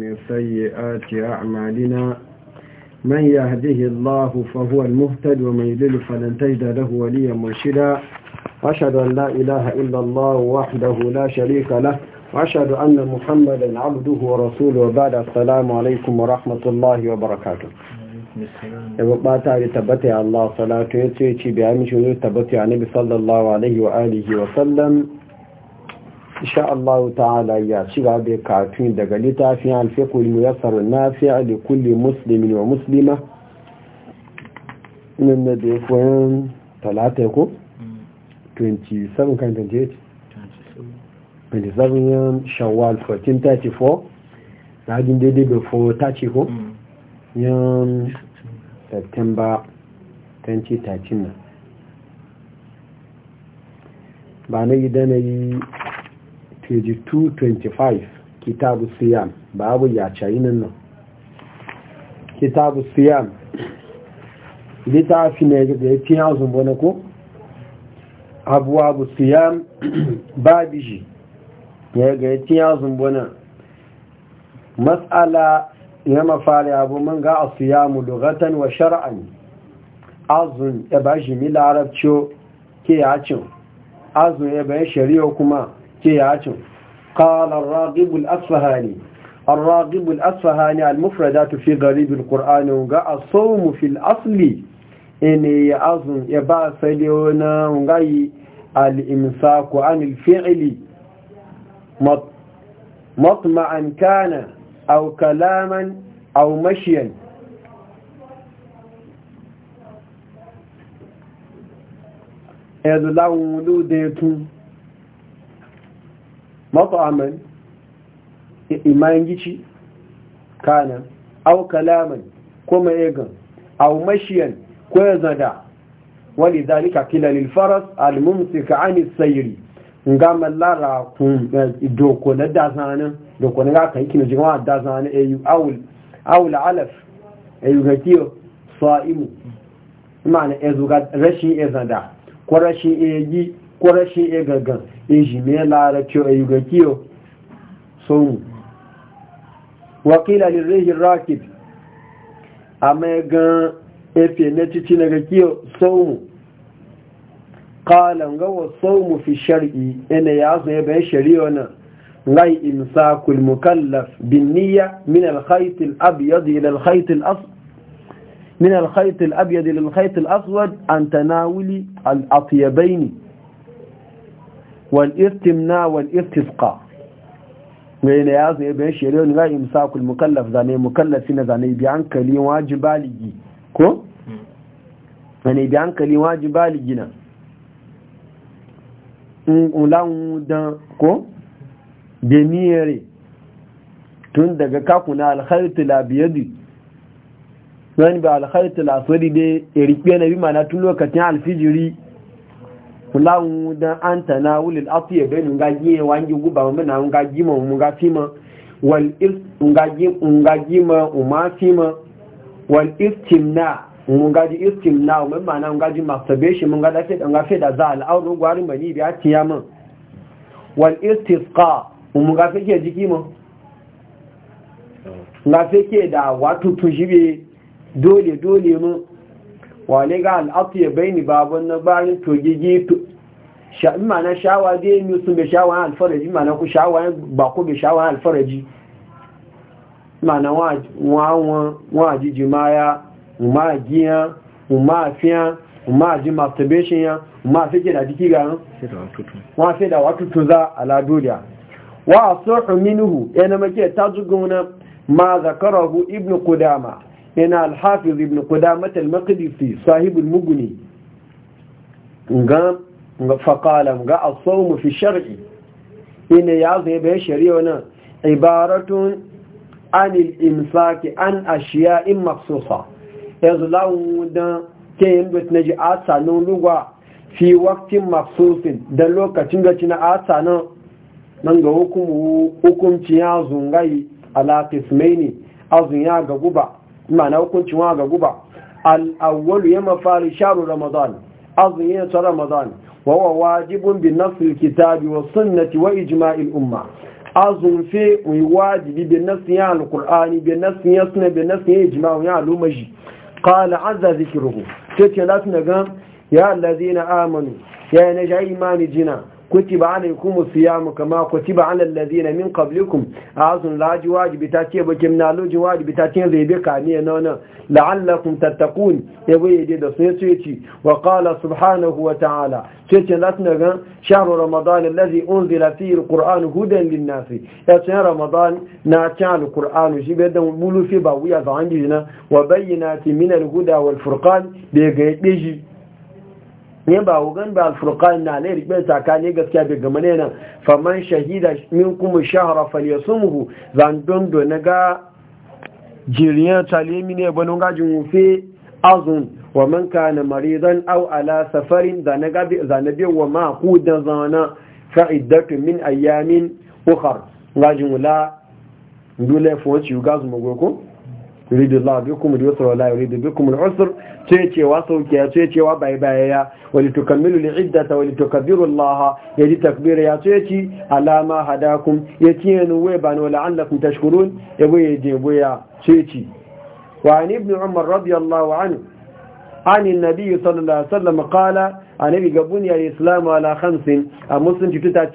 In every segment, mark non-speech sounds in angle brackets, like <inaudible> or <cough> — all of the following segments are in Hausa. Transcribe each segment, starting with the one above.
من سيئات أعمالنا من يهده الله فهو المهتد ومن يدل فلن تجد له وليا مرشدا أشهد أن لا إله إلا الله وحده لا شريك له وأشهد أن محمدا عبده ورسوله وبعد السلام عليكم ورحمة الله وبركاته ba ta da tabbata ya Allah salatu ya ce ci biya mishi tabbata ya nabi sallallahu alaihi wa alihi wa sallam insha Allah ta'ala ya ci gaba da karatu daga litafin al-fiqh muyassar nafi'a li kulli muslimin wa muslima nan da da koyan talata ko 27 kan 28 27 yan shawwal 1434 rajin daidai ga 4 tace ko yan september 2013 ba na yi da na yi page 225 kitabu siyam babu ya cayinan nan kitabu siyam littafi ne da ya tiya zumbo ko abuwa bu siyam <clears throat> babi shi ya ga ya tiya zumbo na matsala ya mafari abu man ga a siyamu lugatan wa shar'an azun ya ba shi mila arabciyo ke yacin azun ya bayan shari'a kuma كياتو قال الراغب الأصفهاني الراغب الأصفهاني المفردات في غريب القرآن وقع الصوم في الأصل إن يأظن يبع سليونا وقعي الإمساك عن الفعل مطمعا كان أو كلاما أو مشيا يدلعون ولودتهم mata'aman imayen gici kanan au kalaman ko ma'egan au mashiyan ko ya zada wani zalika kila lilfaras almumsika ani sayiri nga mallara kun doko na dazanin doko na kan yi kinajin wa dazanin ayu awul alaf ayu ga kiyo sa'imu ma'ana rashin ya zada ko rashin ya yi ko rashin iya in shi mai larabci a ga kiyo sun wakila lirrihin rakit a mai gan efe na cici na ga kiyo sun kalan gawa sun fi shari'i ina ya ya bayan shari'a na sa kulmu kallaf bin niyya min alkhait al-abyad ila alkhait Aswad, an من الخيط الأبيض للخيط الأسود عن الأطيبين wal istimna wal istisqa mai na ya zai bayan shari'a ne ga kul mukallaf zane mukallafi na zane bi hankali baligi ko zane bi hankali baligi na ulan dan ko da tun daga kakuna alkhaitu labiyadi wani ba alkhaitu lasari dai erikpe na bi mana tun lokacin alfijiri kulawun dan an ta na wulil afiya bai nun ga giye wangi guba mana mun ga gima mun ga fima wal il ungaji ungaji ma uma fima wal istimna mun ga ji istimna mun mana mun ga ji masturbation mun ga da fidan ga fida za al auru gwari mani biya tiya mun wal istisqa mun ga ke jiki mun ga ke da wato tujibe dole dole mun wane ga al'atu ya bai ni babon na bayan togigi ma'ana shawa zai yi sun mai shawa alfaraji ma'ana ku shawa ba ku mai shawa alfaraji ma'ana wa jiji ma ya ma giya ma fiya ma ji masturbation ya ma fi da jiki ga wa fi da watutun za a ladoriya wa a tsohon minuhu yana make ta zugunan ma zakarahu ibn kudama yana alhafiz ibn kudamat al-maqdisi muguni ga faƙala ga asawmu fi shar'i ina ya zai bayan shari'a na ibaratun anil imsaki an ashiya in maksusa yanzu lawon ta yin bet na ji a sanin lugwa fi waktin maksusin don lokacin da ci na a sanin nan ga hukumci ya zungayi alaƙismai ne azun ya ga guba ma'ana hukuncin wa ga guba al'awwalu ya mafari sharu ramadan azumin ta ramadan wa wa wajibun bin nafsil kitabi wa sunnati wa ijma'il umma azun fe mai wajibi bin nafsin ya alqur'ani bin nafsin ya sunna bin nafsin ya ijma'u ya alumaji qala azza zikruhu sai ce lati na ga ya allazina amanu ya ne ja imani jina kutiba alaikum siyamu kama kutiba alal ladina min qablikum azun laji wajibi ta ce bakin na loji wajibi ta zai bi ka na wannan la'allakum tattaqun ya bayyade da sai sai ci wa qala subhanahu wa ta'ala sai ce latna ga shahru ramadan alladhi unzila fihi alquran hudan linnas ya ce ramadan na ta alquran shi bai da fi ba wuya ga hanji wa bayyinati min alhuda wal furqan da ga shi ne ba wugan da alfurqan na lai rikbe tsakani gaskiya bai gama ne nan faman shahida min kuma shahara falyasumhu zandon do na ga jiriyan talimi ne bano gajin wufe azun wa man kana maridan aw ala safarin da na gabi zanabi wa ma ku da zana fa iddatu min ayamin ukhra gajin wala dole fo ci gazu يريد الله بكم اليسر ولا يريد بكم العسر تيتي وسوكي تيتي وبايبايا ولتكملوا العدة ولتكبروا الله يجي تكبير يا تيتي على ما هداكم يتين ويبان ولعلكم تشكرون يبوي يجي ويا تيتي وعن ابن عمر رضي الله عنه عن النبي صلى الله عليه وسلم قال عن ابي buniyar islamu ala hamsin a musulunci tuta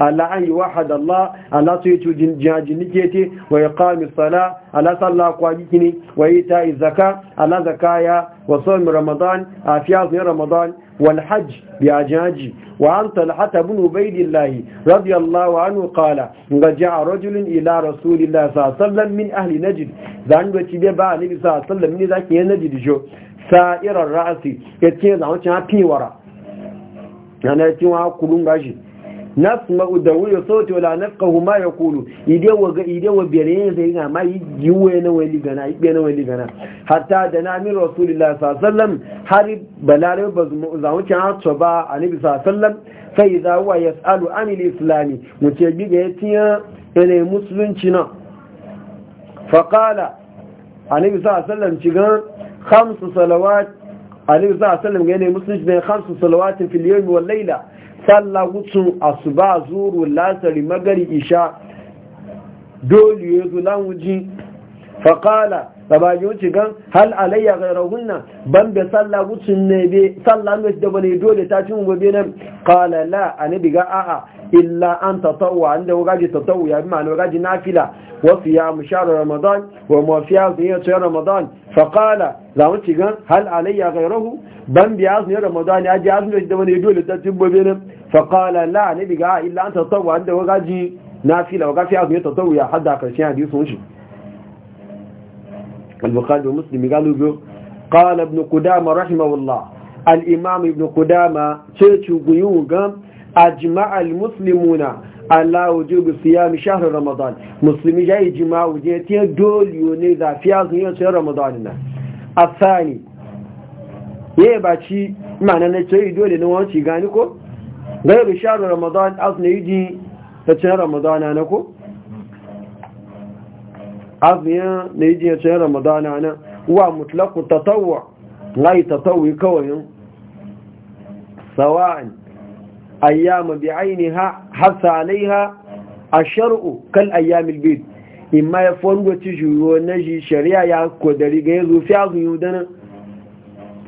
على ان يوحد الله على تيتي جاجي Allah ويقام الصلاه ala sallah kwa jikini wa ita izaka ala zakaya wa sawmi ramadan afiya ramadan wal hajj bi ajaji wa an talhata ibn ubaydillah radiyallahu anhu qala ngaja ja'a ila rasulillah sallallahu min ahli najd zan ga ci ba ni sallallahu ni zaki yan najd jo sa'irar ra'si yace zan ci piwara yana ci wa kulun gashi nasma'u da wuya sauti wala nafqahu ma yaqulu ide wa ga ide wa bere zai ga ma yi wuya na wani gana yi na wani gana hatta da na min rasulullah sallallahu alaihi wasallam har balare ba za mu ci hatsa ba annabi sallallahu alaihi wasallam sai za wa yasalu anil islami mu ce bi ga yatiya ne musulunci na faqala annabi sallallahu alaihi wasallam ci ga khamsu salawat annabi sallallahu alaihi wasallam ga ne musulunci ne khamsu salawatin fil yawmi wal layla sallah wutsun asuba zuru lasari magari isha dole ya zo lanwuji faƙala sabaji wuce gan hal alayya gairahunna ban da sallah wutsun ne be sallah mai da bane dole ta cin gobe nan ƙala la a ni diga a'a illa an tatawa inda wagaji tatawa ya bi ma'ana wagaji nafila wasu ya mushar ramadan wa mafiya zai yi ramadan faƙala za mu ci gan hal alayya gairahu ban biya su ne ramadan ya ji azumin da bane dole ta cin gobe nan faƙala la ne biga illa an tattawa da wagaji na fila wagafi abu ya tattawa ya hada karshen hadisun shi al-bukhari muslim galu biyo qala ibn qudama rahimahullah al-imam ibn Kudama, ce cuguyu ga ajma'a al-muslimuna ala wujubi siyam shahr ramadan muslimi ya ijma wuje te dole ne da fiya zuwa sai ramadan na asani ye ba ci mana ne ce dole ne wani ko gairu sharu ramadan azumi yiji ta cin ramadana na ko azumin na yiji ya cin ramadana na wa mutlaku tatawwa lai tatawwi kawai sawa'an ayyama bi ainiha hasalaiha ashar'u kal ayyamil bid imma ya fongo ci juro na ji shari'a ya kodari ga yazo fi azumin dana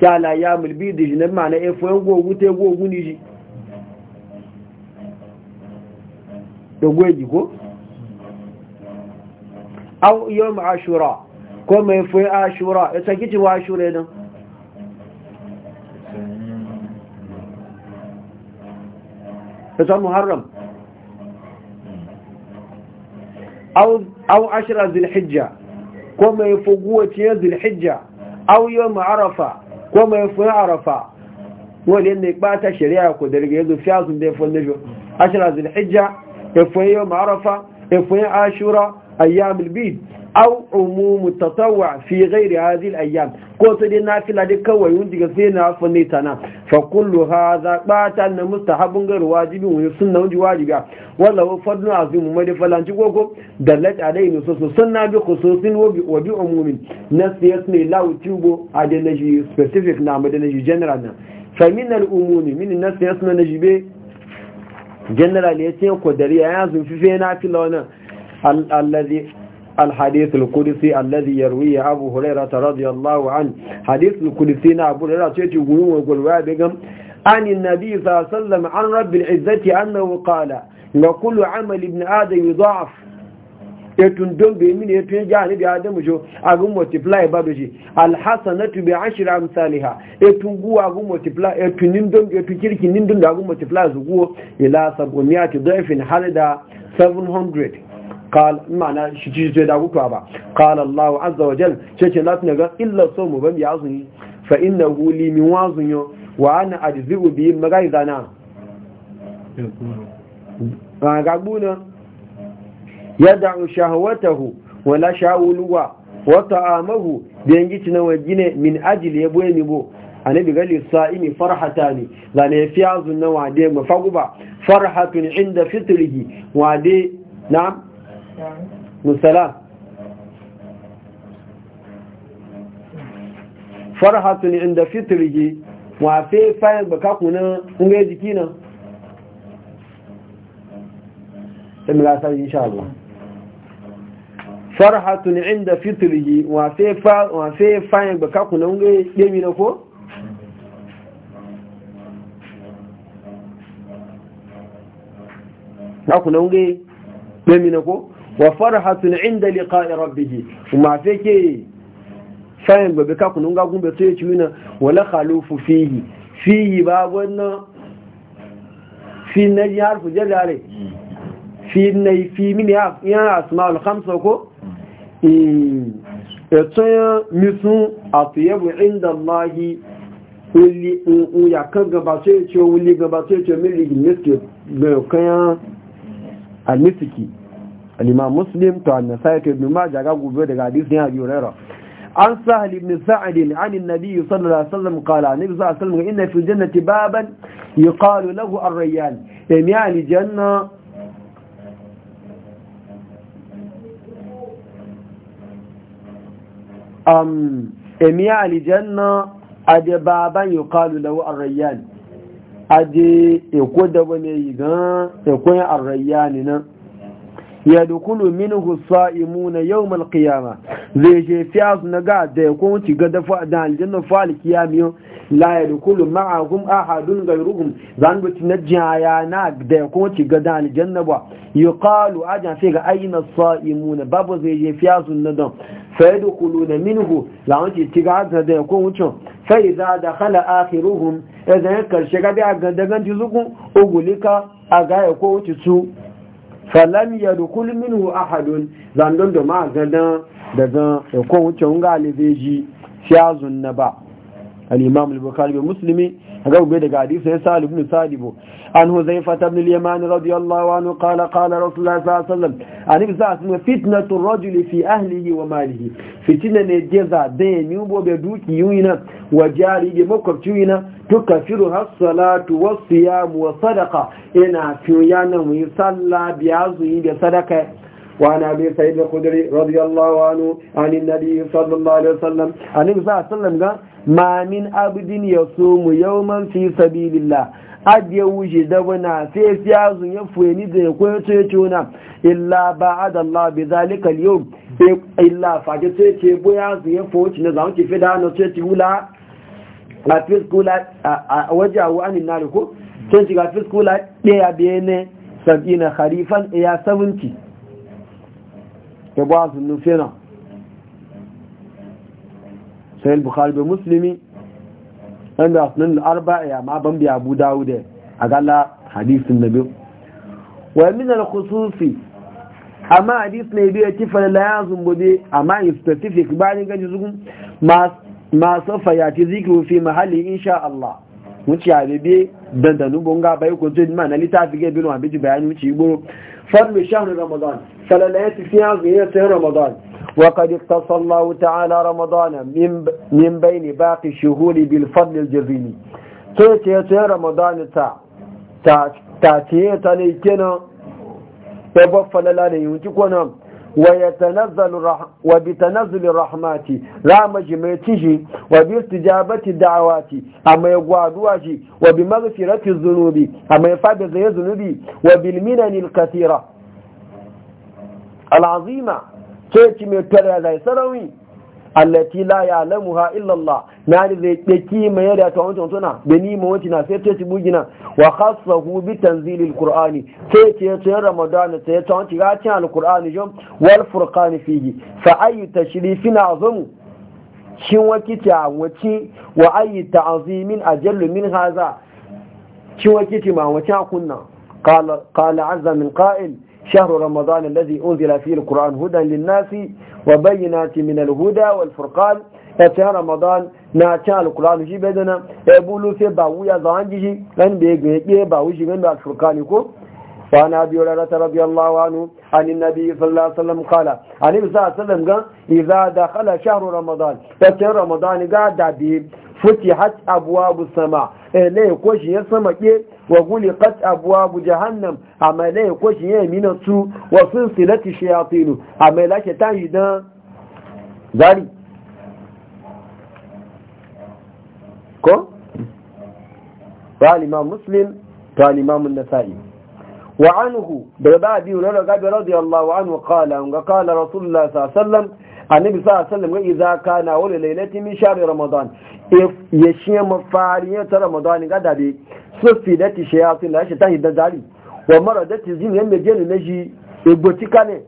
kala ayyamil bid jinna ma na e fongo gute go ji da gwaji ko au yawm ashura ko mai fi ashura ya saki ci wa ashura nan ta san muharram au ashira zilhijja ko mai fi guwaciyar zilhijja au yawm arafa ko mai fi arafa wani yadda ya ɓata shari'a ko dalga riga yanzu fiya sun dai ya fi wannan ashira zilhijja efoyin yau ma'arafa ashura ayyam bid aw umumu tatawwa fi ghairi hadhihi al-ayyam ko to dai nafila dai kawai wun diga sai na fa ne tana fa kullu hadha qata na mustahabun gar wajibin wa sunna wajin wajiba wala fadlu azimu mai falan ci gogo da alai no so sunna bi khususin wa bi wa bi umumin nas yasmi law tubo adanaji specific na madanaji general na fa min al-umumi min nas yasmi najibe general ya ce kudariya ya zunfi fena fila wani allazi الحديث القدسي الذي يروي أبو هريرة رضي الله عنه حديث القدسي أبو هريرة تقول وقل عن النبي صلى الله عليه وسلم عن رب العزة أنه قال وكل عمل ابن آدم يضعف yatun don bai mini ya tun ni da adamu jo agun multiply ba doji alhasanatu bi ashri amsalha yatun guwa agun multiply yatun nin don yatun kirkin nin agun multiply su ila sabuniyati dhaifin halda 700 قال معنى شيء زي دا كوكو gbuna? yadda'u shahwatahu wala sha'uluwa wa ta'amahu dan gici na wajine min ajli boye ne bo annabi gali sa'imi farhatani zane fi azun na wade mafaguba farhatun inda fitirgi wade na musala farhatun inda fitirgi wa fe fayin baka kuna unga jikina sai mu ga sai insha farhatun inda fitrihi wa fe fayin ba na wunga ɗemi na ko? na wunga ɗemi na ko? wa farhatun inda liƙa'i rabbihi ma fe ke fayin ba kakuna wunga gumbe to ya ci wina wala khalufu fiye? fiye ba wannan fi na yi harfi jalare hmm. fi na yi fi mini yana asma'ul alhamsa ko? Hmm. ẹ̀tọ́yán mísún àtìyẹ́bù ìndàláhì òyàkán gaba tó ẹ̀tọ́ olè gaba tó ẹ̀tọ́ mẹ́rìnlẹ̀ mẹ́sìkì gbẹ̀rọ̀kányán alìsìkì alìmá muslim tó annasáyẹ̀tọ̀ ibn májá gágùgbẹ̀ daga àdísìn àbúrẹ́rọ̀ an sahal ibn sa'ad an baban lahu am um, emiya alijanna ade baban yuqalu lahu ar-rayyan ade eko da wani gan eko ar nan ya dukulu minhu na yau malkiyama zai je fiya su na ga da ya kuma ci ga dafa da aljanna fa’al kiyamiyo la ya dukulu hadun ahadun ghayruhum zan bi na jaya na da ya kuma ci ga da aljanna ba yuqalu ajan sai ga aina sa'imuna babu zai je fiya su na dan fa yadkhuluna minhu la ci ci ga da ya kuma ci fa idza ruhun ya zai karshe ga daga ga dagan ji zugun ogulika a ga ya kowace su falam yadkhul minhu ahadun zandon da ma gadan daga ko wuce unga alibeji shazun na ba al-imam al-bukhari bi muslimi ga gobe daga hadisi ya sa ibn sadibo عن هزيفة بن اليمان رضي الله عنه قال قال رسول الله صلى الله عليه وسلم عن إبزاء فتنة الرجل في أهله وماله فتنة نجزة دين يوبو بدوك يوينا وجاري بمكب يوينا تكفرها الصلاة والصيام والصدقة إنا فيانا ويصلى بيعزه بصدقة وعن أبي سعيد الخدري رضي الله عنه عن النبي صلى الله عليه وسلم عن النبي صلى الله عليه وسلم قال ما من عبد يصوم يوما في سبيل الله Ajiye wuje dabana sai ya zunye ni da ya koyo ya ce wuna illa ba Allah bi zalika al-yawm e, illa fage ce zun ya zunye ci na zamu ki fida na ce ti wula a fiskula a waje a wani na ko ce ci ga fiskula daya biye ne sabina kharifan e ya 70 ke ba su nufina sai bukhari da muslimi wanda asnan arba'a ma ban bi abu dawud a gala hadisin nabi wa min al khususi amma hadis ne bi yake fa la yazum bi amma specific ba ni gaji zugun ma ma safa ya ti zikru fi mahalli insha Allah wuce ya bebe dandanu bonga bai ko zai ma na litafi ga bilwa biji bayani wuce igboro fadlu shahru ramadan salala ya tafiya ya yin ramadan وقد اقتصى الله تعالى رمضان من من بين باقي الشهور بالفضل الجزيل تيتي رمضان تا تاتي تاني كنا يبفل لنا ينتقونا ويتنزل الرح... وبتنزل الرحمات لا مجمعته وباستجابة الدعوات أما يقوادواجي وبمغفرة الذنوب أما يفعل زي الذنوب وبالمنن الكثيرة العظيمة sai ki mai tare da sarawi allati la ya'lamuha illa Allah na ni zai daki mai yada ta wancan da ni mu wancan sai ta bugina wa khassahu bi tanzilil qur'ani sai ce ce ramadan sai ta wancan ga cin alqur'ani jom wal furqan fihi fa ayu tashrifin azamu shin a wace wa ayi ta'azimin ajallu min haza shin wakici ma wace kunna qala qala azza min qa'il شهر رمضان الذي أنزل فيه القرآن هدى للناس وبينات من الهدى والفرقان في رمضان ناتا القرآن جي بدنا يقولوا في باوية ظانجي أن بيقية باوية من الفرقان يقول وعن أبي هريرة رضي الله عنه عن النبي صلى الله عليه وسلم قال عن النبي صلى الله عليه وسلم قال إذا دخل شهر رمضان أتى رمضان قاعد به فتحت أبواب السماء إيه، ليه كوشي السماء إيه، wa guliqat abwabu jahannam amale ko shi ya mina su wa silsilati shayatin amala ke tan yidan zari ko wa imam muslim ta imam an-nasa'i wa anhu da ba bi rada gabi radiyallahu anhu qala qala rasulullah sallallahu alaihi wasallam annabi sa sallam ga iza kana wala lailati min shahri ramadan if yashiya mafariya ta ramadan ga dabe sufidati shayatin la shaitan da zari wa maradati zin yanda na naji egbotika ne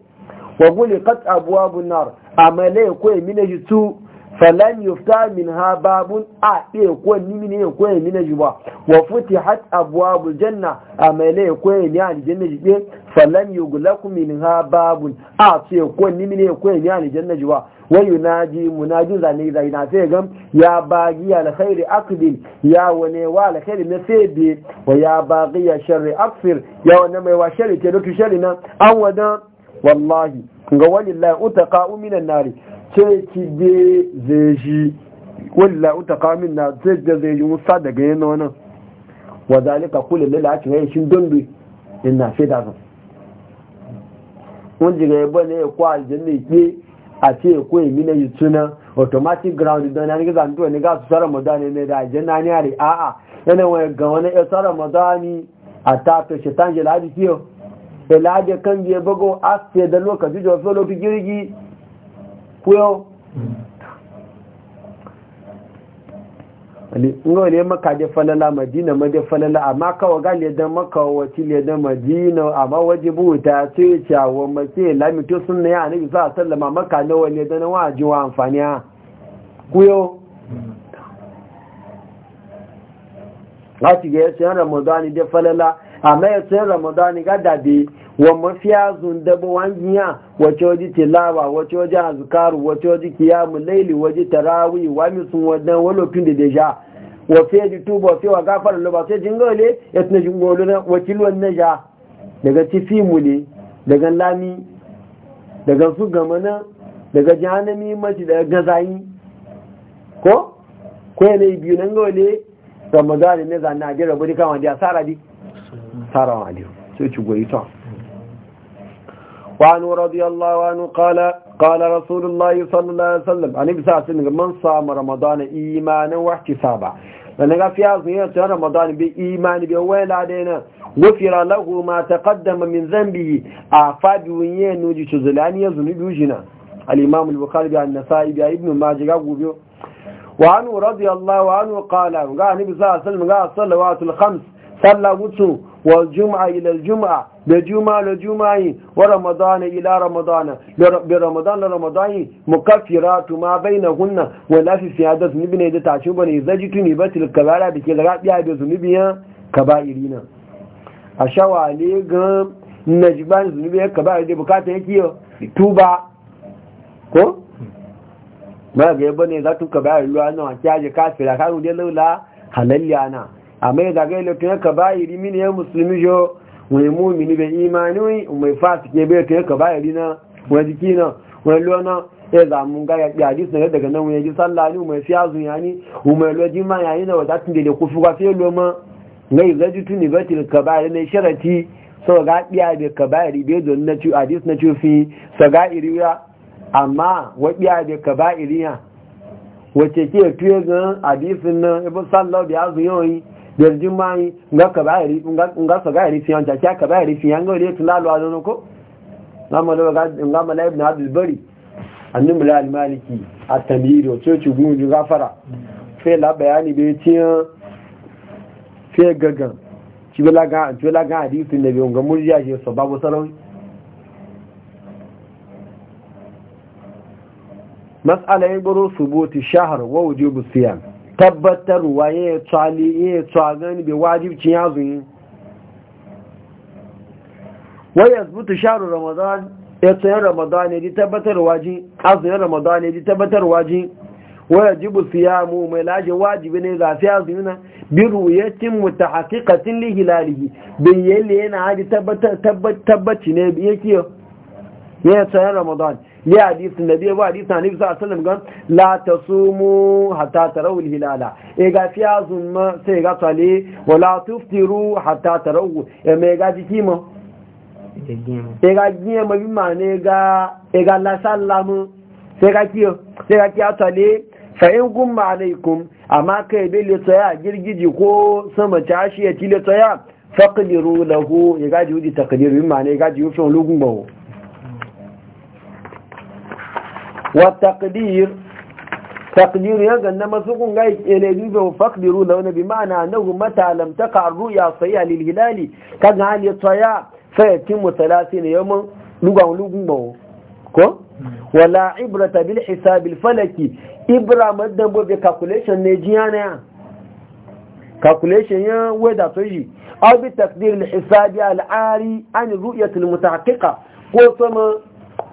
wa qat abwabun nar amale ko emine tu. falan yufta min ha babun a iya kuwa ne ya kuwa mina ji ba wa futi hat abuwa janna a mai ne ya kuwa ni aljanna ji be falan yuglaku min ha babun a su ya ne ya kuwa ni aljanna ji ba wa yunaji munaji zane zai na sai gam ya bagi ya alkhairi ya wane wa alkhairi na sai bi wa ya bagi ya sharri ya wane mai wa sharri ke dutu sharri nan an wada wallahi ga walillahi utaqa'u minan nari sai ki be zai shi walla uta kamin na zai da zai yi musa daga yin wani wa zalika kula lila ake yayin shi don in na fi da zan wọ́n jìgà ẹgbọ́n ní ẹ̀kọ́ àjẹ́lẹ̀ ìpé àti ẹ̀kọ́ ìmìnà ìtúná automatic ground ìdánilá ní gíga tó ẹni gáàsù sára mọ̀dá ní ẹ̀dá àjẹ́ náà ní àrí àà yana wani ẹ̀gàn wọn ẹ̀ sára mọ̀dá ní àtàtò ṣètàǹjẹ̀ láti kí ọ kan bí ẹbọ́gọ́ àti ẹ̀dẹ́ lókàtújọ́ fẹ́ lókì kuyo ngo ne maka je falala madina ma je falala amma ka waga le dan maka wati le dan madina amma wajibu ta ce cewa mace lamito sunna ya anabi sallallahu alaihi wasallam maka ne wale dan waji wa amfani kuyo lati ga ce ramadani je falala amma ce ramadani ga dadi. wa mafiya zundaba wangiya wace waje tilawa wace waje azkaru wace waje kiyamu laili waje tarawi wa misun wadan walofin da deja wa fiye da tuba fiye wa gafar lo ba sai jingole ya tuna jingole na wakil wannan ja daga tifi mule daga lami daga su gamana daga jahannami mace daga gazayi ko ko yanayi biyu nan gole ramadan ne zanna jira budi kawai da asara di sarawa aliyu sai ci goyi ta وعن رضي الله عنه قال قال رسول الله صلى الله عليه وسلم عن ابن سعد من صام رمضان إيمانا واحتسابا لأنك في عظمية رمضان بإيمان بأول علينا غفر له ما تقدم من ذنبه أعفاد وين نوجي تزلان يزنب وجنا الإمام البخاري عن النسائي بأن ابن ماجه قبو وعنه رضي الله عنه قال قال النبي صلى الله عليه وسلم قال الصلوات الخمس sallah wutu wa juma'a ila juma'a da juma'a la juma'i wa ramadana ila ramadana bi ramadana ramadani mukaffiratu ma bainahunna wa la fi siyadat ibn bine da tashi bane zajitu ni batil kabara dake da rabiya da zunubiya kaba'irina a ne ga najban zunubiya kaba'ir da bukata yake tuba ko ba ga bane za tu kaba'ir ruwa na kiyaje kafira kan da laula halalliya na amma ya zagaye lafiya ka bayiri min ya muslimi jo wani mumini be imani mai fasike bai lafiya ka bayiri na wani jikina na lona e ya mun ga ya ji da ga nan wani ji sallah ni mai siya zun yani lo ji ma yayi na wata tun da ku kufu ga sai loma ngai ji tun ni til ka bayiri ne sharati so ga biya be ka bayiri be don na ci hadis na ci fi so ga iriya amma wa biya be ka bayiri ya wace ke tuye ga hadisin nan ibn sallallahu alaihi wasallam yanzu ma yi nga so ga yari fiyan jaki ka ba yari fiyan ga yari tula lo adon ko nga ma ibn ga nga ma laib na abdul bari annabi la al maliki a tamir o ce ci gunju gafara fe la bayani be tiyan fe gagan ci bela ga ci bela ga hadisi na biyu nga murja ce so babu sarawi mas'ala yabru subuti shahar wa wujubu siyan tabbatarwa ya yi tsali ya yi tsagani bai wajibcin yazo yi waya zubuta sharu ramadan ya tsayin ramadan ya ji tabbatar ji azuyin ramadan ya ji tabbatarwa ji waya jibu siyamu mai laje wajibi ne ga siya zuyuna bi ruyatin mutahaqiqatin li hilalihi bai yalle yana haji tabbaci ne yake ya tsayin ramadan ya hadisin da bai ba hadisin hanifu sa sallam gan la ta sumu hatta tarawul hilala e ga fiya zumma sai ga sale wa la tuftiru hatta tarawu e me ga jiki mo e ga jiye ma bi ma ne e ga la sallamu sai ga kiyo sai ga kiya sale fa in gumma alaikum amma kai bai le tsaya girgiji ko sama tashi ya tile tsaya faqdiru lahu ya gaji wudi taqdiru bi ma ne gaji yufin lugun bawo wa taqdir taqdir ya ganna masu kun ga ele bibe faqdiru wani bi ma'ana annahu mata lam taqa ruya sayya lil hilali kaga ga ya tsaya fa yatimu 30 yawman lugan lugun bawo ko wala ibrata bil hisab al falaki ibra madan bo be calculation ne jiyana ya calculation ya weda to yi aw bi taqdir al hisab al ari an ru'yat al mutahaqqiqa ko to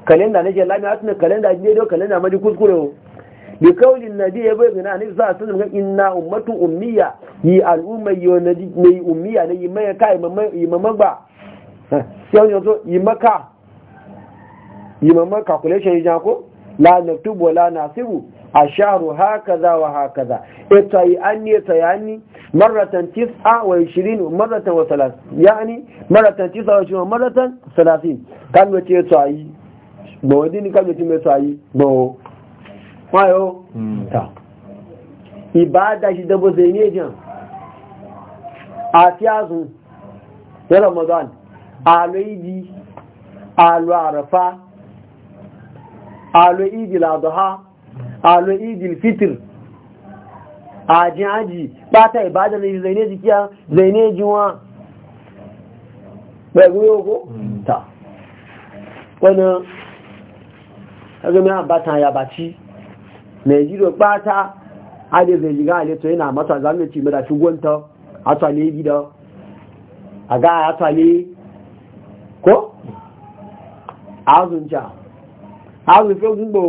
kalenda na shi lami asuna kalenda ne do kalenda ma ji kuskure bi kaulin nabi ya bai gina ne za su ga inna ummatu ummiya yi al'umma yo nabi ne ummiya ne yi mai kai yi mama ba sai yanzu yi maka yi mama calculation ya ko la naktubu la nasibu asharu hakaza wa hakaza ita e yi an e yi ta yani maratan tis'a wa ishirin maratan wa salasin yani maratan tis'a wa ishirin maratan salasin kan wace ta yi gbọ̀wọ́ dín ní kájọ̀tí mẹ́tọ́ ayé gbọ̀wọ́ wọ́n yóò hmm. tà ìbá dáṣì dẹ́bọ̀sẹ̀ ní èdè àti àzùn ní ramadan àlọ́ ìdí àlọ́ àràfá àlọ́ ìdí làdọ̀há àlọ́ ìdí fitr àjín pátá ìbádà ní zaineji kíá zaineji wọn pẹ̀lú ẹgbẹ́mí àbátan àyàbàtí nàìjíríà pátá adẹ́fẹ́ ìjìgá àlẹ́tọ̀ yìí na àmọ́tọ̀ àzámẹ́tì mẹ́ta ṣùgbọ́ntọ́ àtàlẹ́ ìgbìdọ́ àgá àtàlẹ́ kó azùnjà azùnfẹ́ gúngbò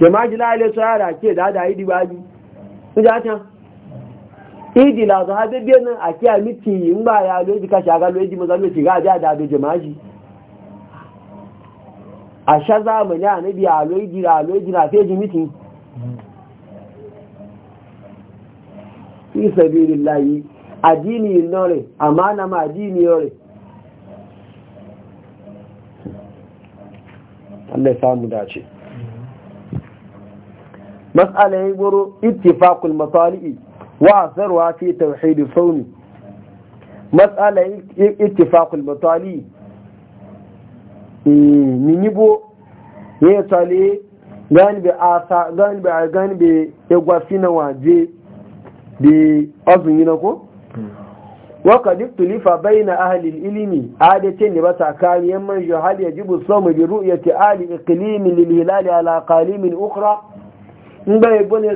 jẹmájílá àlẹ́tọ̀ yàrá kí ìdádá ìdíwájú ìdí làzọ̀ abẹ́bẹ́ náà àti àmì tìyí ń mgba ya lójí káṣà àgá lójí mọ́sálójì rá a sha zamani a nabi a a aloidira aloidira feji mitin fi sabirin layi adini nore amana ma adini yore Allah ya samu dace matsala ya goro itifakul matsali'i wa asarwa fi tauhid sawmi mas'ala itifakul matsali'i Eh, minibo ya tsale ganibe asa ganibe a ganibe egwafi na waje da azun yi na ko? waka diktulifa bai na ahalil ilimi adacin ne ba tsakaniyar man shahali ya jibu samu bi ru'yati ali ikilimin lilhilali ala kalimin ukra in ba ya bane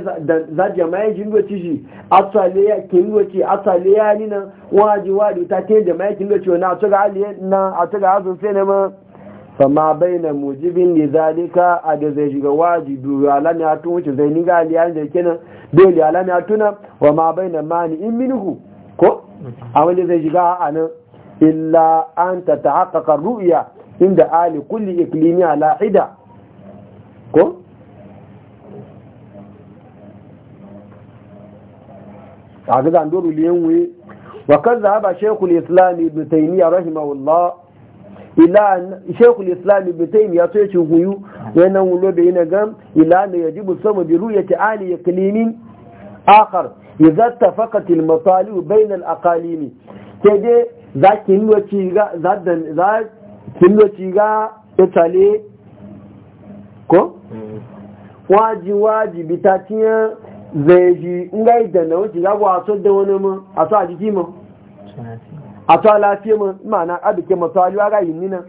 za jama'a jingoci shi asali ya kingoci asali ya nina wajewa da ta te jama'a kingoci wani a tuga azun sai na ma fama bai na mujibin ne zalika a da zai shiga wajibi alam ya tun wuce zai niga aliyan da kenan dole alam ya tuna wa ma bai na mani in minhu ko a wani zai shiga a nan illa an ta ta haƙaƙa ru'ya inda ali kulli iklimi ala hida ko a ga zan doru liyan wa kan zaba shaykhul islam ibn taymiyyah rahimahullah ila shekul islam ibn tayyib ya so ya ce huyu wannan wulo da yana gam ila ne yajibu sama bi ru'yati ali yaqlimin akhar idza ittafaqat al matalib bayna al aqalimi sai dai za ki nuna ci ga za ki nuna ci ga itale ko waji waji bitatiya zai ji ngai da na wuce ga wato da wani mu a so a jiki mu Ata ta lafiye mu ma ma'ana abike masaliwa ga yi nina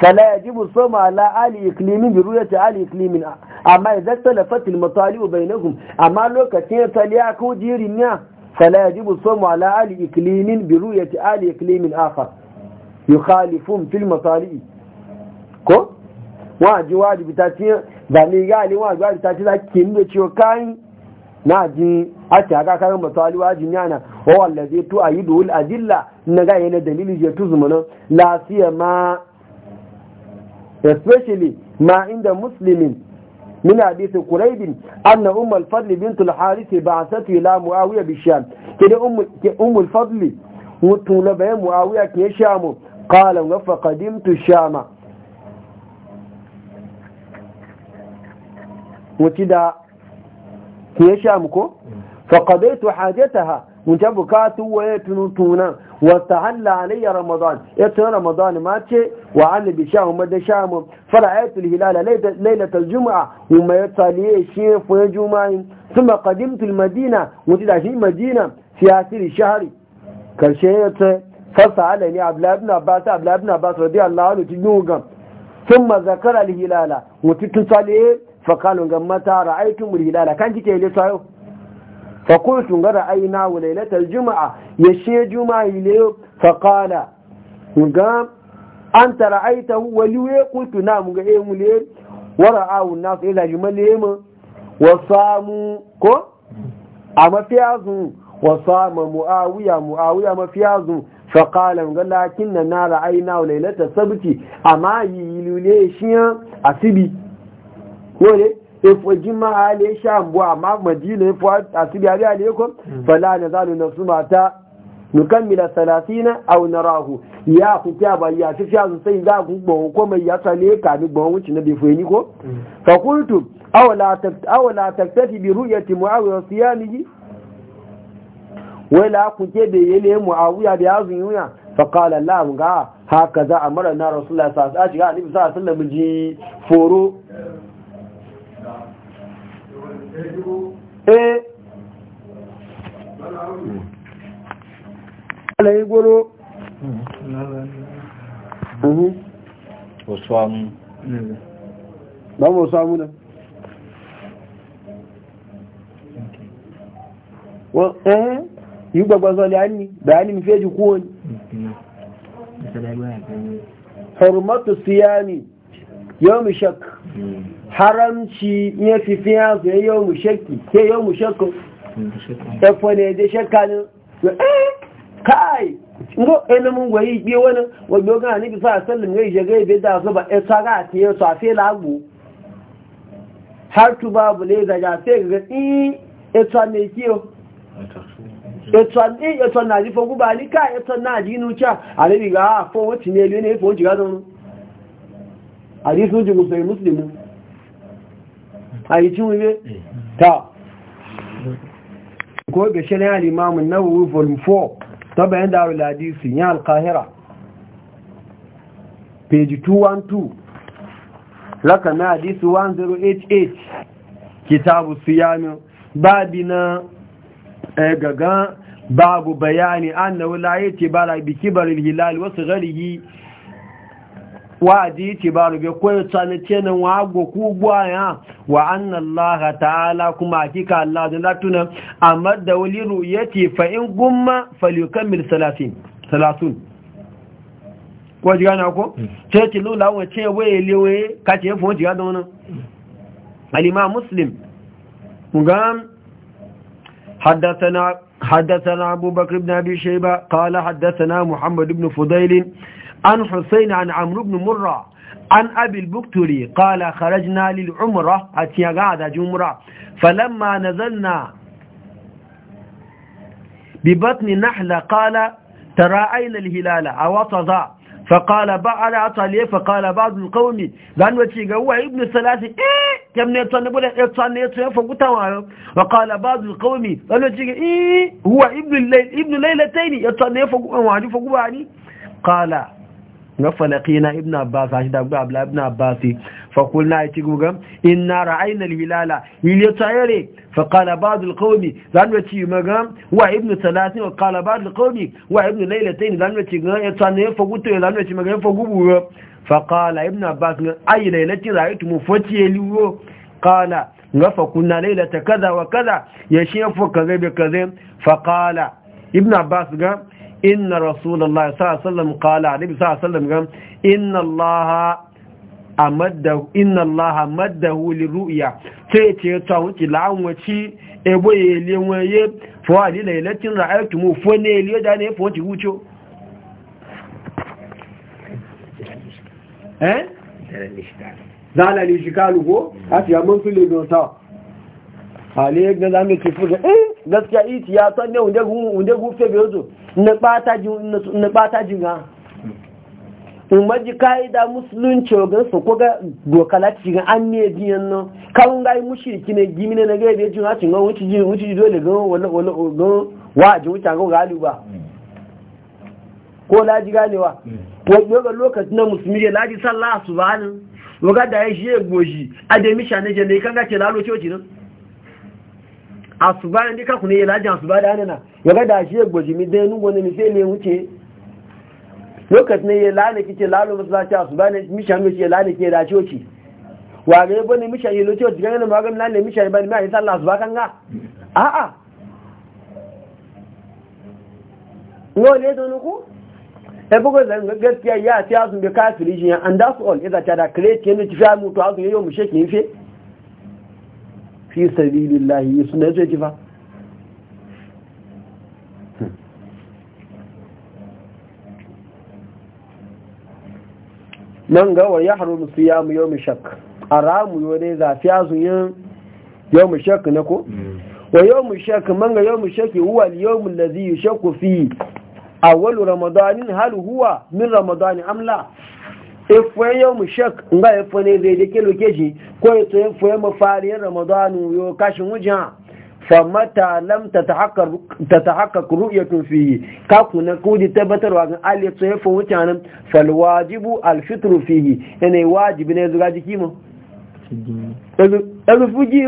fala ya ji buso ma ala ali iklimin biru ya ce ali iklimin amma ya zata lafatil masaliwa bai na gum amma lokacin ya ya ko jirin ya fala ya ji buso ma ala ali iklimin biru ya ce ali iklimin afa yi khalifun fil masali'i ko wajibi ta ce ba ne gali wajibi ta ce za ki kimbe ciwo kayan na ji ake haka karin misali wajin yana wa wallazi tu a yi duhul jilla na ga yana dalilin je tu zumunan lafiya ma especially ma inda muslimin min hadisi quraibin anna umm al-fadl bint al-harith ba'athat ila muawiya bi sham kida umm, umm al-fadl mutula bay muawiya ke sham qala wa fa qadimtu shama ya sha mu ko faqadaitu hajataha wuce bukatu wa ya tunutuna wata halla alayya ramadan ya tuna ramadan ma ce wa an bi sha mu da sha mu fara'atul hilal lailatul jumu'a kuma ya taliye shi fa juma'i thumma qadimtu al madina wuce da shi madina fi asiri shahri karshe ya ce fasa alani abla ibn abbas abla ibn abbas radiyallahu anhu tigugan thumma zakara al hilala wuce tun taliye fakalun ga mata ra'aitun mulhilala kan kike ile tayo fakultu ga ra'ayina wa lailatul juma'a ya she juma'a ile fakala ga an ta ra'aita waliwe kultu na mu ga e mule wa ra'au nas ila jumale mu wa samu ko a mafiyazu wa sama muawiya muawiya mafiyazu faƙala ga lakin na na ra'ayina wa lailatul sabti amma yi lule shi asibi wole efo jima ale shambu amma madina àti asiri ari alaikum mm. fala na zalu nafsu mata nukammila salatina aw narahu ya ba ya fi fiya sai za ku gbon ko mai ya sale ka ni gbon wuce na ko mm. fa qultu aw la ta aw la taktafi ku ke da yele muawiya haka za amara na rasulullahi sallallahu alaihi wasallam ji foro eh alayi goro mhm. ba mu samu eh, yi feji hormatu siyami yau haramci ya fi fi ya zo ya yau mu shakki ke yau mu shakku ya da shakka ne eh, kai ngo ene mun goyi bi wani wa bi ga ni bi sa sallim ga je ga bi da so ba e ga ti e so afi lagu har tu babu ne da ga se ga i eh, e ne ki o e ni eh, e na ji fo ku ba ni ka e na ji nu cha ale bi ga ah, fo wo ti ne le ne fo ji ga don hadisi wuce musulmi yi hadisi wuce ta ko ga shi ne alimamun nawawi volume 4 ta bayan darul hadisi ya alkahira page 212 laka na hadisi 1088 kitabu siyamin babi na gagan babu bayani annahu la ce bala bi kibar hilal gari yi wa'adi ce ba rube koyo tsani tenan wa go goku gwaya wa anna allah ta'ala kuma hakika Allah da latuna amma da wali ru'yati fa in gumma falyukammil 30 30 ko jiga na ko ce mm. ti lula wa ce waye lewe ka ce fo jiga da wannan alima muslim ngam حدثنا حدثنا أبو بكر بن أبي شيبة قال حدثنا محمد بن فضيل عن حسين عن عمرو بن مرة عن أبي البكتري قال خرجنا للعمرة أتيغادة جمرة فلما نزلنا ببطن نحلة قال ترى أين الهلال أوطظا فقال بعض عطاليه فقال بعض القوم قال وشي قوى ابن الثلاثة إيه كم يتصنبوا يتصنبوا يتصنبوا يتصنبوا وقال بعض القوم قال وشي إيه هو ابن الليل ابن ليلتين يتصنبوا يتصنبوا يتصنبوا قال na falakina ibn abbas shi da gba abla ibn abbas fa kulna yati gugam inna ra'ayna al-hilala iliya tayare fa qala ba'd al-qawmi zan wati magam wa ibn salatin wa qala ba'd al-qawmi wa ibn laylatayn zan wati ga ya tane fa gutu zan wati magam fa gubu fa qala ibn abbas ay laylatin ra'aytu mufati liwo qala ga fa kunna laylata kaza wa kaza ya shefu kaza bi kaza fa qala ibn abbas ga inna rasulullahi sallallahu qala annabi sallallahu gam inna allaha amadda inna allaha maddahu liru'ya sai ce ta wuce la'anwaci ebo fo ali lailatin ra'aytu fo ne ile da fo ti wucho eh zala li go ati amon fili don ta ali gaskiya iti ya san ne wunde gufe bai zo na ɓata jiga umarji ka'ida musulunci ogun su ga dokala cikin an ne biyan nan kawun gai mushiriki ne gimi na gaibe jin hacin gan wuce jin wuce dole gan wa ji wuce gan gali ba ko laji ganewa yoga lokaci na musulmi ya laji sallah su ba nan waga da ya shi ya goji a da misha na jana ikan gace lalo coci nan asuba ndi ka kunu yela jan asuba da nana ya ga da shi ya goji mi da nugo ne mi sai ne wuce lokaci ne ya ne kike lalo masallaci asuba ne mi shan mi yela ne ke da coci wa ga yabo ne mi shan yelo coci ga ne ma ga lalle mi shan ba ne mai sallah asuba kan ga a a no le don ku e bugo zan gaskiya ya ta sun bi kafiri shi and that's all idan e ta da create ne ci fa mutu yi yau mu shekin fe fi sabilillahi suna yace ki fa nan ga wa yahrumu siyamu yawmi shak aramu yo ne za fi azuyin yawmi shak na ko wa yawmi shak man ga yawmi shak huwa al-yawm alladhi yashku fi awwal ramadanin hal huwa min ramadanin amla efuwe yau mu shek nga efuwe ne zai dake shi, ko yato fari yin ramadanu yo kashin Fa mata lam ta ta haka ru'yatun ka kaku na kudi tabbatarwa ga aliyar ya fi mutanen falwajibu alfitru yi yanayi wajibi na ya zuga jiki mu ɗazu fuji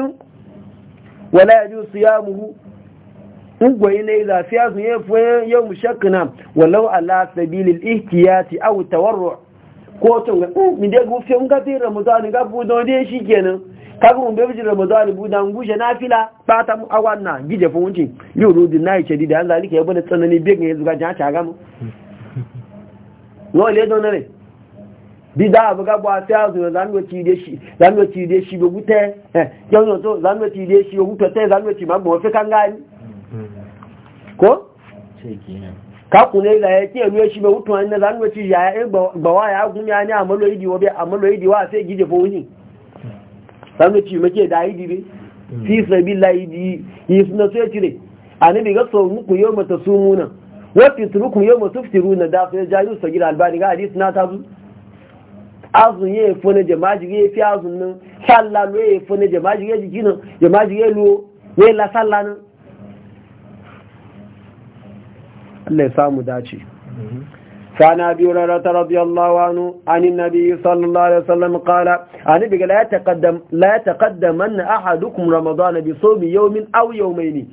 wala ya ji su ya muhu ugwayi na zafiya sun yi yau mu na? walau ala sabilil ihtiyati aw tawarru' kotun ga mi mm, dai gufe mun ga fi ramadan ga budon dai shikenan kaga mun bebi ramadan budan guje nafila fata mu awanna gije fun wuncin yuru din nayi ce da Allah like yabo da tsanani begin yanzu ga jacha ga mu no don ne bida abu ga ba sai azu zan go ci de shi zan go ci de shi be gute eh yau to zan go de shi ma bo fe mm-hmm. ko kakune ga ya ke ruwa shi bai mutu wani zanu ci ya yi bawa ya gumi ya ne a malo idi wabe a malo idi wa sai gije foni zanu ci make da idi be hmm. fi sabi la idi yi suna ya cire a ne bai ga sau muku yau mata su muna wata turukun yau mata fitiru na da sai jayu sa gida albani ga hadis na ta zu azun ya efo na jama'a ya fi azun nan sallah lo ya efo na jama'a ya jiki nan jama'a ya luwo, ya la sallah nan Allah ya samu dace. Sana biyu rara ta radiyallahu anu, anin nabi sallallahu Alaihi wasallam kala, ani biga la ya taƙaddama na aha dukkan Ramadan na bi so bi yau min au yau mai ni,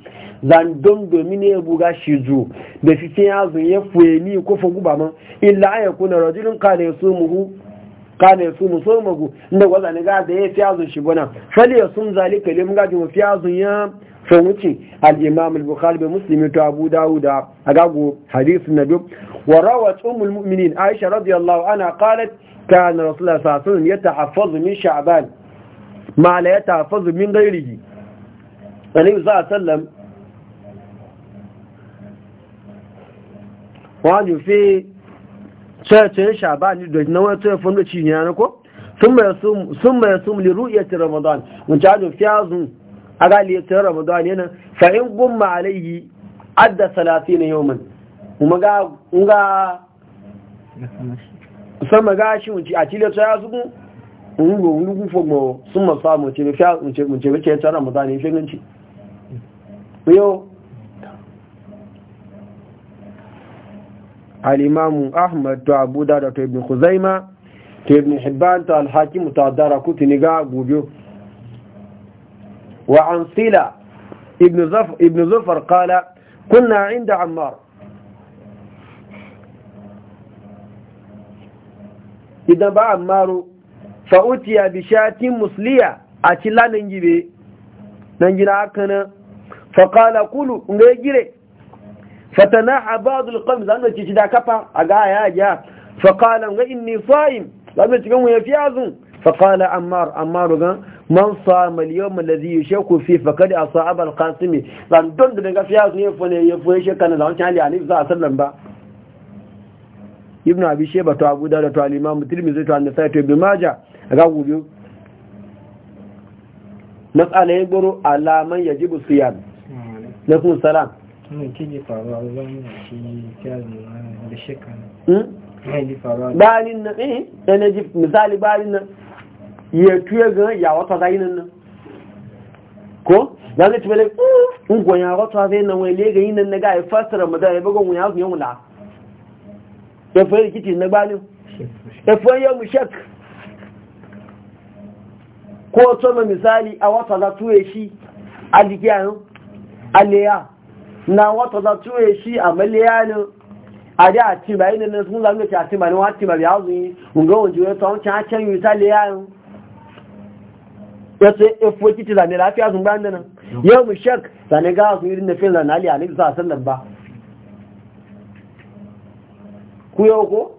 zan don domin ya buga shi ju da fi fi yazun ya fuye ni ko fagu ba man, illa ya kuna rajulun kane su muhu. Kane su mu so magu, inda gwaza ni ga da ya fi yazun shi gona. Fali ya sun zalika limgadi mu fi yazun ya sun wuce al-imam al-bukhari bai muslimi to abu dawuda a gago hadisun na duk wa rawat tsumul mu'minin aisha radiyallahu ana qalat kana rasulullah sallallahu ya yatahaffazu min sha'ban ma la yatahaffazu min alayhi za a sallam wani fi tsarcin shabani da na wani tsarfin da ci ko sun mai sun ti ramadan wancan fiye fiyazun a galiyar ramadan yana fa'in gumma alaihi adda salati na yawon nga sama ga shi wuce a cile ta zugu ungo ungu fogmo sun ma samu ce bi fiya unce unce bi ce ta ramadan ne shi ci yo al-imam ahmad to abu da da ibn khuzaima to ibn hibban to al-hakim kutu ni ga gobe. وعن صلة ابن زفر, ابن زفر قال كنا عند عمار إذا باع عمار فأتي بشات مسلية أتلا ننجبي ننجنا أكنا فقال كلوا نجري فتناحى بعض القوم زانو تشدا كفا أقا يا جا فقال إني صائم لم يتكون يفيازون فقال عمار عمار قال man sama yawm alladhi yashku fi faqad asaba al-qasim dan don da daga fiya ne fone ya fone shi kana da wancan ali ali sallan ba ibnu abi shayba to abu da to al-imam zai to an-nasai to ibn majah ga gubi mas'ala ya goro alaman yajibu siyam na kun salam kiji faruwa zan shi kyazin da shekara hmm? bayanin nan eh, eh misali bayanin na E ya tuye ga ya wata zai nan nan ko za ka ci bale ungon ya wata zai nan wai lega yi nan na ga ya fasara madan ya bugon ya zuwa mula ya fa rikici na gbani ya fa ya mu shek? ko to ma misali a wata za tuye shi a jikiya aliya na wata za tuye shi a maliya ne a da a ci bayi nan sun zama ce a ci ne wata ci bayi a zuwa ungon wajen ya tsawon ci a can yi ta liya yau ya ce efo kiti zane lafiya sun bayan da nan yau mu shak zane gawa sun irin na fin zane ali alaihi sa sallan ba ku yau ko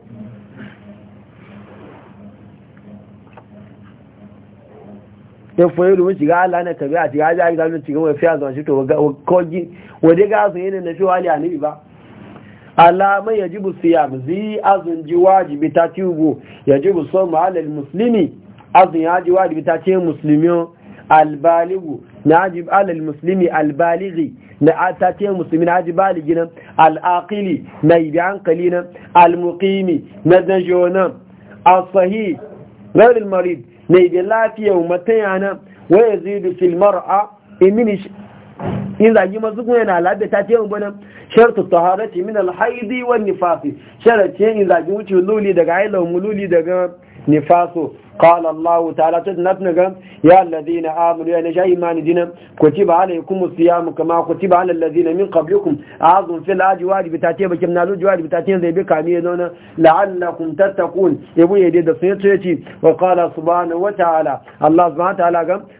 efo yi rumun shiga ala na kabi a shiga ajiyar gano cikin wai fiya zuwa shi to kogi wadai gawa sun yi na fi wali anibi ba alamai yajibu siyam zi azun ji wajibi ta tubu yajibu son ma'alar musulmi azun ya ji wajibi ta ce musulmi albaligu na ajib alal musulmi albaligi na ta ce musulmi na aji baligi nan al'aqili na ibi hankali nan almuqimi na dajo nan asahi gairin marid na ibi lafiya mataya nan waya zidu fil mar'a imini in zagi masu kuma yana labe ta ce wani shartu taharati min alhaidi wa nifasi sharatu in zagi wuce luli daga hailar mululi daga nifaso قال الله تعالى تنفنغ يا الذين آمنوا يا نجاي ما دينا كتب عليكم الصيام كما كتب على الذين من قبلكم أعظم في الآج واجب تاتي بكم نالو جواجب تاتيه زي بك عميدون لعلكم تتقون يبو يديد صيتي وقال سبحانه وتعالى الله سبحانه وتعالى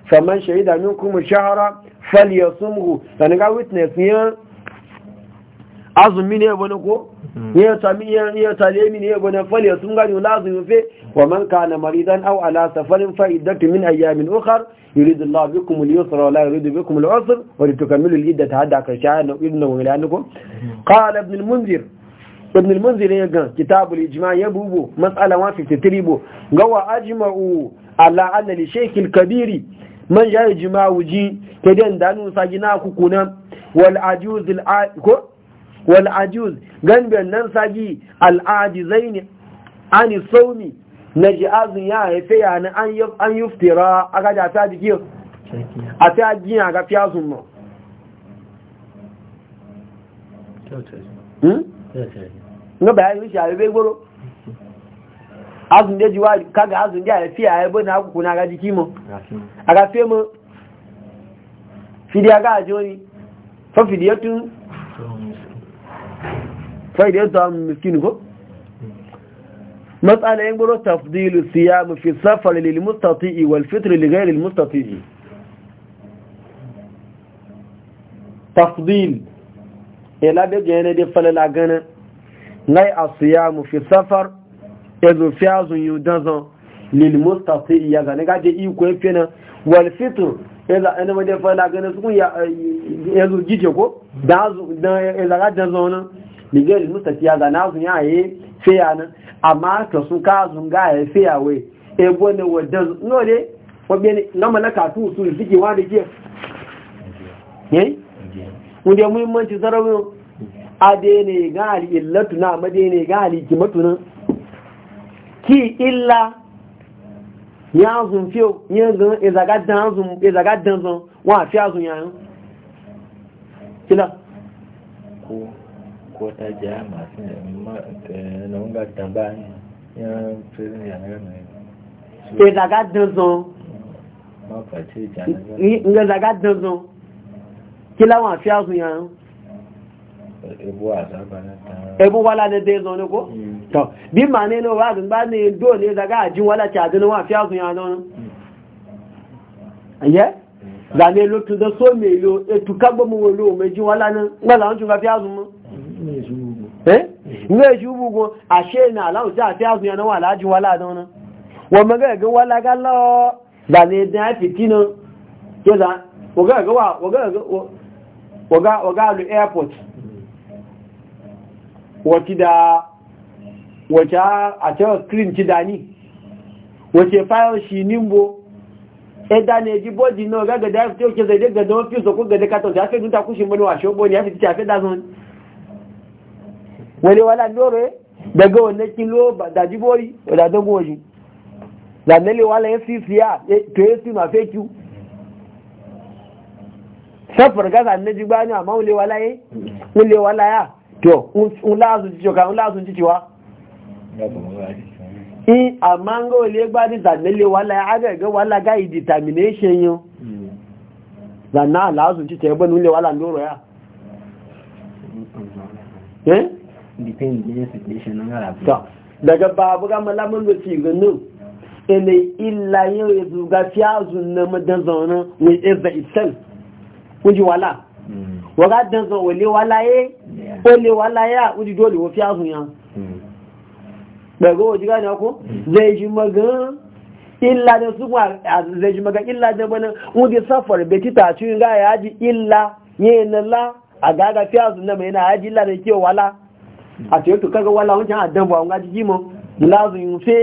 فمن شهد منكم الشهر فليصمه فنقا وitness يا أعظم من يبنكم Mm. ya tale min ya gwanin fal ya sun gani lazim yufe wa man kana maridan aw ala safarin fa iddatu min ayamin ukhar yuridu Allah bikum al-yusra wa la yuridu bikum al-usra wa litukamilu al-iddata hadda karshe ayan ibn wilanukum mm. qala ibn al-munzir ibn al-munzir ya ga kitab al-ijma ya bubu mas'ala 153 bo. ga wa ajma'u ala anna li shaykh al-kabiri man ya ijma'u ji kadan danu sagina kukunan wal ajuz al-ko wal ajuz gangan nan sagi al ajizain ani sawmi naji azun ya haife ya ni an yuf an yuftira aga da ta jiki a ta jiya ga fiyazun mu hmm? nga bayani shi a bebe goro azun da jiwa kaga azun da haife ya haife na kuku na ga jiki mu a ga fe mu fidiya ga ajiyoni fa fidiyatun fai da yadda mu miskin ko matsala yin buru tafdilu safar wal fitr tafdil ila da gane da falala gana ngai asiyam fi safar yazo fiazun yudazan lil mustati'i ya ga ga iko ya wal fitr ila ana ma da falala ko da miguel mustafiya da na sun yaye fiya nan amma to sun ka sun ga e ya fiya we e bone wadda no ne wabe ne ngama na katu su suke wa da ke eh mun da muhimmanci sarawi ade ne ga ali illatu na made ne ga ali kimatu nan ki illa e e ya zun fiyo ya zun izaga dan zun izaga dan zun wa fiya zun yan? kila kọ́tajà màsí ẹ̀nà ń ga tàbá yán fẹ́rẹ́ yàrá rẹ̀. Ìdàgá dandan. Wọ́n pàtí ìjànà rẹ̀. Ìdàgá dandan. Kí láwọn Ebu ne dé zọ ní kó? Tọ́, bí màá ní inú wáàdùn bá ní dò ní ìdàgá àjí wọ́n láti àdínú wọn àfi àzùn yàn náà. Ẹ̀yẹ́? Zàmé ló tún dán sómi èlò ètùkágbọ́mù wo ló méjì wọ́n lánàá. Wọ́n làwọn tún fi eh ne jubu go ashe na lawo ta ta azu yana wala ji wala da wannan wa maga ga wala ga lawo da ne da fitina ke da waga ga wa ga a ta screen wace file shi ẹjí bọ́ọ̀dì náà gágẹ̀dẹ̀ tí ó kéde gẹ́gẹ̀dẹ̀ ó fíòsò kó gẹ̀dẹ̀ tí a fẹ́ dúntà kú sí mọ́níwà ṣọ́gbọ́ ni a fi títà fẹ́ dázán wani wala dore daga wannan kilo da jibori da dagoji da nale wala ya e, siya to ya si mafe kiwu safar gaza na jigba ni amma wule wala e, wala ya to ka cici wa wala ya aga ga wala wala ndoro ya eh daga babu ga malamin da ci ganin ina illa yau ya zuga fiyazu na madan zaune mai ɗaza isan kuji wala mm. waga dan zan wale wala ya, wale wala ya kuji dole wa fiyazu ya mm. daga waje gane ko mm. zai ji magan illa da su ma zai ji magan illa da bana wudi safar betita ci ga ya ji illa yi na la a gaga fiyazu na mai na ya ji illa da ke wala àti ètò kẹ́kẹ́ wá láwọn jẹ́ àdánbò àwọn ajíjímọ̀ láàrin fẹ́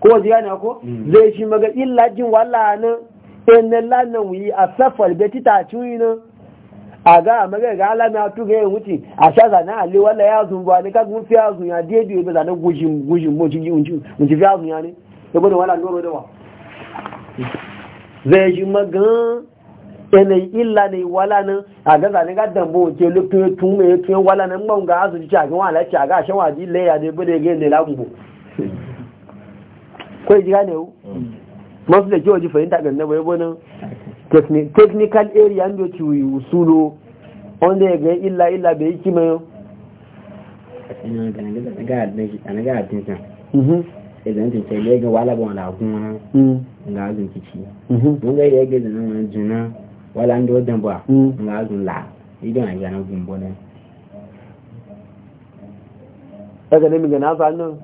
kó wọ́n jẹ́ àkó zai shi maga ìlàjin wà láàánà ẹni lánà wuyi a safar bẹ títà na a ga a maga ga ala a tuga yin wuce a sha zane ale wala ya zun ba ne kagun fi azun ya dai biyu zane gushin gushin mo fi azun ya ne wala da wa zai shi yanayi illa ne wala nan a gaza ne ga dambo ke lukin tun mai tun wala nan ban ga asu ci a gan wala ci a ga shan waji leya ne bude ga ne lagubo kai ji gane wu masu da kiwo ji fahimta ga nabai bonan technical area do ci usulo wanda ga illa illa bai yi kima yau tun sai lega wala bon la kuma na ga azin ci mun ga yega da nan juna wala ndo dambwa mm. nga azula ido na gana gumbo ne daga ne mi mm. ga na sanin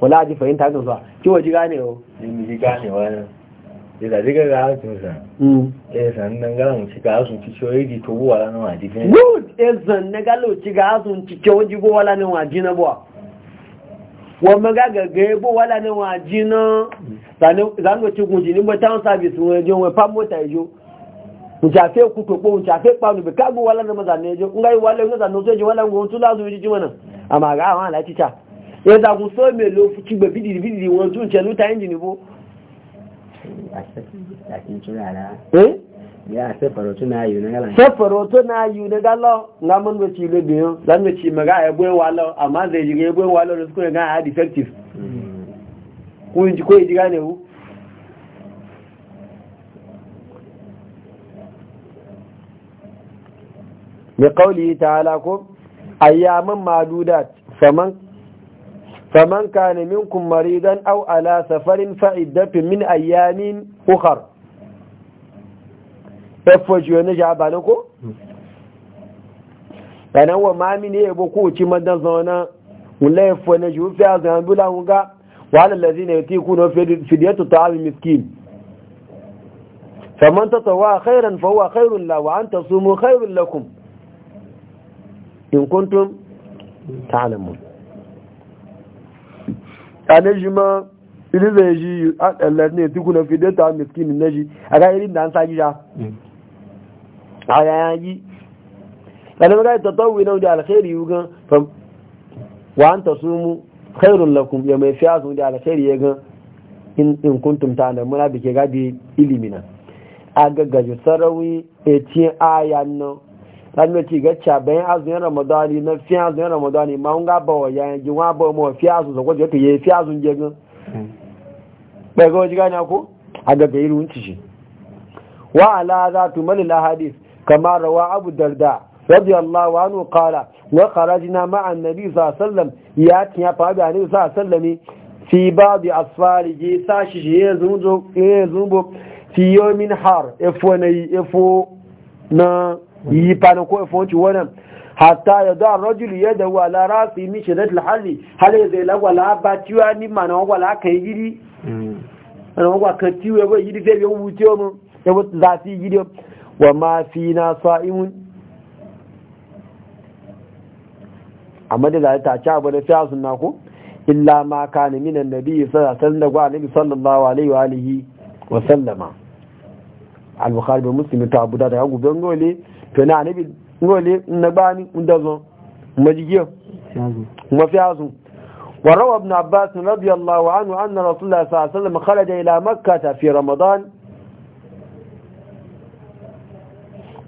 wala ji fahimta ga zuwa ki mm. waji gane o ni mi gane wala da diga ga hakin sa eh san nan ga mu ci ga sun ci ciyo yi e to wala na waji ne good eh san na ga lo ci ga sun ci ciyo ji e go wala na waji na bo wọ́n mọ́ bó wà láàrin wọn àjí náà zanúwẹ̀ tí gùn jì ní mọ́tàún sáàbìsì wọn ẹjọ́ wọn pàmọ́tà ìjọ́ nchafe kuto ko nchafe panu be kagu wala na maza ne je ngai wala ngaza wala ngo tula zo ji mana ama ga wa la chicha ye da ku so me lo fuchi be bidi bidi won ta engine bo eh to na yu na gala sefaro to na yu na gala na maga e wala ama ze ji wala ro ko ga defective ko ji ko ne wu bi qawlihi ta'ala ko ayyaman madudat faman faman kana minkum maridan aw ala safarin fa iddatun min ayyamin ukhra efojiyo ne ko kana wa mami ne yabo ko ci madan zona wala efo ne ju fi azan bula hunga wala allazina yatikuna fidyatu ta'am miskin faman tatawa khairan fa huwa khairun la wa anta sumu khairun lakum in kuntum ta'lamun kada shi ma idan zai shi Allah ne tuku na fide ta miskinin na ji. a ga irin da an sa gida a ya yi kada maka ta tawi na da alkhairi yugan wa an ta sumu khairun lakum ya mai fiya sun da alkhairi ya gan in kuntum ta'lamun na bike gadi ilimina a gaggaje sarawi etin ayan nan lati me ti gacha ben az ne ramadani na fi az ne ramadani ma nga ba wa ya ji wa ba mo fi az so ko je ke fi az nje gun be go ji gani ko aga be ru nti ji wa ala tu man al hadith kama rawa abu darda radiyallahu anhu qala wa kharajna ma an-nabi sallam ya ti ya fa ga ni sallam fi ba'di asfari ji sa shi ji yanzu zo yanzu bo fi yawmin har efo na efo na yi fana ko ifonci wannan hatta ya da rajulu ya da wala rasi mi shidat alhali hal zai la wala ba tiwa ni mana wala yi gidi ana hmm. wa ka tiwa ba gidi sai ya wuce mu ya wuce za su gidi wa ma fi na sa'imun amma da zai ta ci abu da fiya sunna ko illa ma kana min annabi sallallahu alaihi wa alihi sallallahu alaihi wa alihi wa sallama al-bukhari da muslim ta abu da ya gubengo to na nabi ngole na bani ndazo majigiyo mafiazu wa rawa ibn abbas radiyallahu anhu anna rasulullah sallallahu alaihi wasallam kharaja ila makkah fi ramadan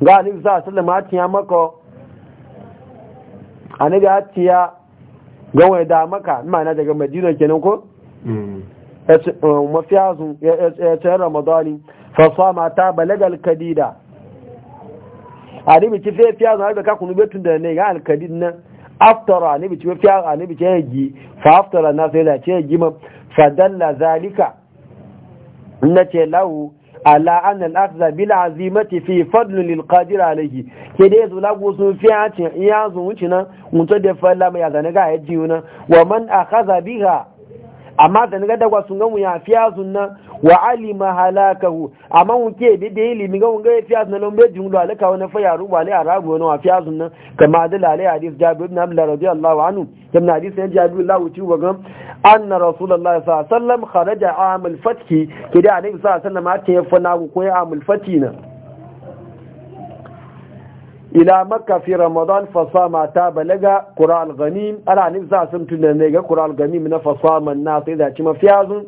ga ni sallallahu alaihi wasallam a tiya mako anabi a tiya da makkah ma'ana daga madina kenan ko mm. eh, mafiazu ya eh, tsaya eh, ramadani. fa sama ta balaga kadida ani bi ci fiye fiye zanar da kakunu betun da ne ga alkadin nan aftara fiye fiye ani a ci biki gi fa aftara na sai da ce yagi ma fa dalla zalika na ce lahu ala an al-akhza bil azimati fi fadlun lil qadir alayhi ke dai zo lagu sun fi hacin ya zo wuce nan mutu da falla mai zane ga yaji e wa man akhadha biha amma da ga dagwa sun ga mu ya fiya zunna wa alima halakahu amma ke da da ilimi ga ga ya fiya sunan bai jumlu alaka wani faya ruba ne a ragu wani wa fiya na kama da lalai hadis jabir ibn abdullah radiyallahu anhu kam na hadis ne jabi Allah wuci wa gam anna rasulullah sallallahu alaihi wasallam kharaja amul fathi kida annabi sallallahu alaihi wasallam ake yafana ko ya amul na. ila makka fi ramadan sama ta balaga qur'an al-ghanim ala nisa sun tunne ga qur'an al-ghanim na sama na sai da ci mafiyazun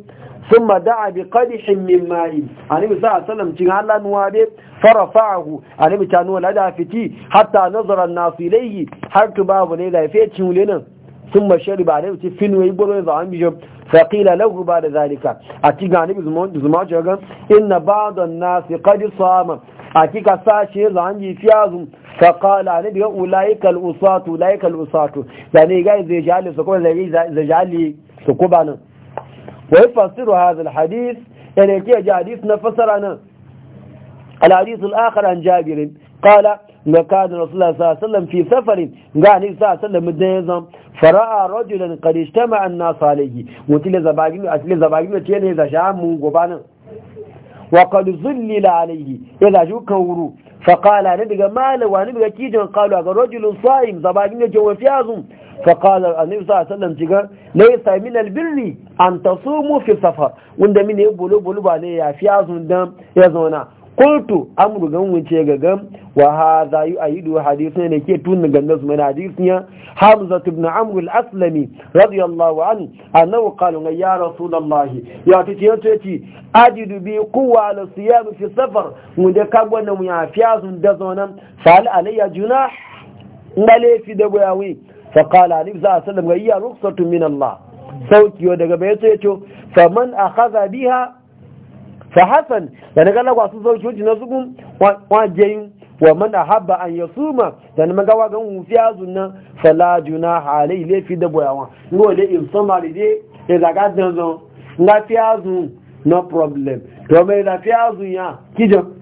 sun ma da'a bi qadhin min ma'i annabi sallallahu alaihi wasallam cin halanuwa be farafa'ahu annabi ta nuwa lada fiti hatta nazara an-nas ilayhi har tu babu ne da fe cin wulenan sun ma shari ba annabi fin wai bolo za an bijo fa lahu da zalika a ci ga annabi zuma zuma ce ga inna ba'da an-nas qad sama hakika sashe usatu usatu zai nan wai fasiru hazin hadis na fasara nan al-hadis al’akar kala na kada rasulun sallallam fi safarin gani sallallam da ya zan fara'a rajulan karishta ma'ana salihi ga rajulun sa'im zabagin فقال النبي صلى الله عليه وسلم جيغا ليس من البر ان تصوموا في السفر وند من يبولو بولو بالي يا في ازون دم يا زونا قلت امر غن وچه غغم وهذا يؤيد حديثنا نكي تون غن نس من حديثنا حمزه بن عمرو الاسلمي رضي الله عنه انه قال يا رسول الله يا تي تي اجد بي قوه على الصيام في السفر وند كغن يا في ازون دزونا فعل علي جناح ما لي في buyawi فقال a الصلاة ga هي رخصة من الله sauki wa daga bayan sai ce a haza biha fa hasan da na lagwa su sauki wuce na zugun wajen wa man ahabba an suma da na magawa ga wufi a zunan fala junaha alai fi da boyawa ngo le in da je ya zaga dan zan na fi no problem to mai da fi ya kijan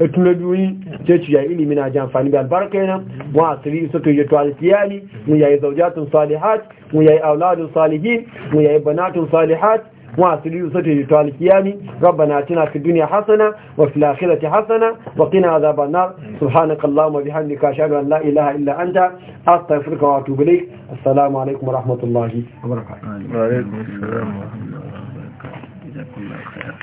etulaju yi ce ci ya ilimi na jan fani da albarka yana mu asiri su to yato alkiyali mu yayi zaujatun salihat mu yayi auladun salihin mu yayi banatun salihat mu asiri su yi yato alkiyali rabbana atina fid dunya hasana wa fil akhirati hasana wa qina adhaban nar subhanaka allahumma bihamdika ashhadu an la ilaha illa anta astaghfiruka wa atubu ilaik assalamu alaikum wa rahmatullahi wa barakatuh wa alaikum assalam wa rahmatullahi wa barakatuh